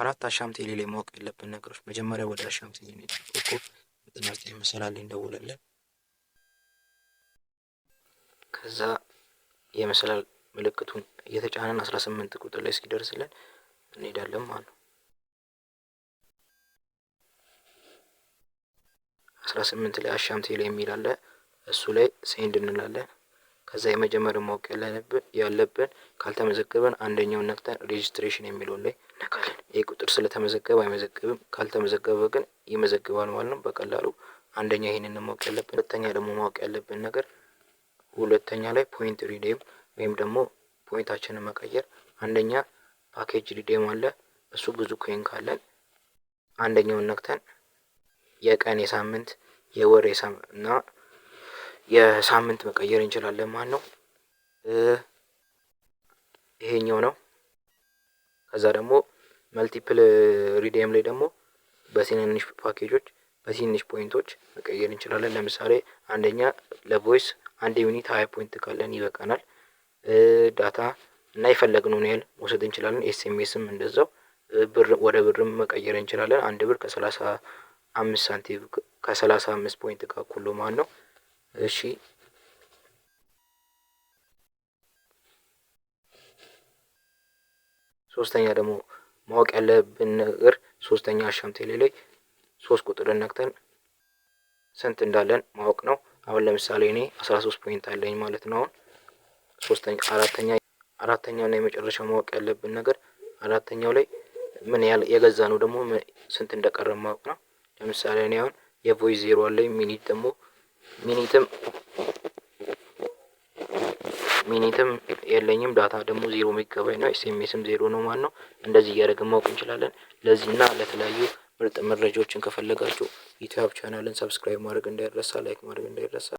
አራት አሻምቴሌ ላይ ማወቅ ያለብን ነገሮች መጀመሪያ ወደ አሻምቴሌ ነው ኮከብ ዘጠና ዘጠኝ መሰላል እንደውላለን። ከዛ የመሰላል ምልክቱን እየተጫነን አስራ ስምንት ቁጥር ላይ እስኪደርስልን እንሄዳለን ማለት ነው። አስራ ስምንት ላይ አሻምቴሌ የሚል አለ። እሱ ላይ ሴንድ እንላለን። ከዛ የመጀመሪያ ማወቅ ያለብን ካልተመዘገበን አንደኛውን ነክተን ሬጅስትሬሽን የሚለውን ላይ ነካለን። ይሄ ቁጥር ስለተመዘገበ አይመዘገብም። ካልተመዘገበ ግን ይመዘግባል ማለት ነው። በቀላሉ አንደኛ ይሄንን ማወቅ ያለብን፣ ሁለተኛ ደግሞ ማወቅ ያለብን ነገር ሁለተኛ ላይ ፖይንት ሪዴም ወይም ደግሞ ፖይንታችንን መቀየር። አንደኛ ፓኬጅ ሪዴም አለ። እሱ ብዙ ኮይን ካለን አንደኛውን ነክተን የቀን የሳምንት የወር እና የሳምንት መቀየር እንችላለን ማለት ነው። ይሄኛው ነው። ከዛ ደግሞ መልቲፕል ሪዲየም uh, ላይ ደግሞ በትንንሽ ፓኬጆች በትንንሽ ፖይንቶች መቀየር እንችላለን። ለምሳሌ አንደኛ ለቮይስ አንድ ዩኒት ሀያ ፖይንት ካለን ይበቃናል። ዳታ እና የፈለግነውን ያህል መውሰድ እንችላለን። ኤስኤምኤስም እንደዛው ብር ወደ ብርም መቀየር እንችላለን። አንድ ብር ከሰላሳ አምስት ሳንቲም ከሰላሳ አምስት ፖይንት ጋር እኩል ማለት ነው። እሺ ሶስተኛ ደግሞ ማወቅ ያለብን ነገር ሶስተኛ አሻምቴሌ ላይ ሶስት ቁጥርን ነክተን ስንት እንዳለን ማወቅ ነው። አሁን ለምሳሌ እኔ አስራ ሶስት ፖይንት አለኝ ማለት ነው። አሁን ሶስተኛ አራተኛ አራተኛው እና የመጨረሻው ማወቅ ያለብን ነገር አራተኛው ላይ ምን ያህል የገዛ ነው ደግሞ ስንት እንደቀረ ማወቅ ነው። ለምሳሌ እኔ አሁን የቮይስ ዜሮ አለኝ ሚኒት ደግሞ ሚኒትም ሚኒትም የለኝም ዳታ ደግሞ ዜሮ ሜጋባይት ነው ኤስኤምኤስም ዜሮ ነው ማለት ነው። እንደዚህ እያደረግን ማወቅ እንችላለን። ለዚህና ለተለያዩ ምርጥ መረጃዎችን ከፈለጋችሁ ዩቲዩብ ቻናልን ሰብስክራይብ ማድረግ እንዳይረሳ ላይክ ማድረግ እንዳይረሳ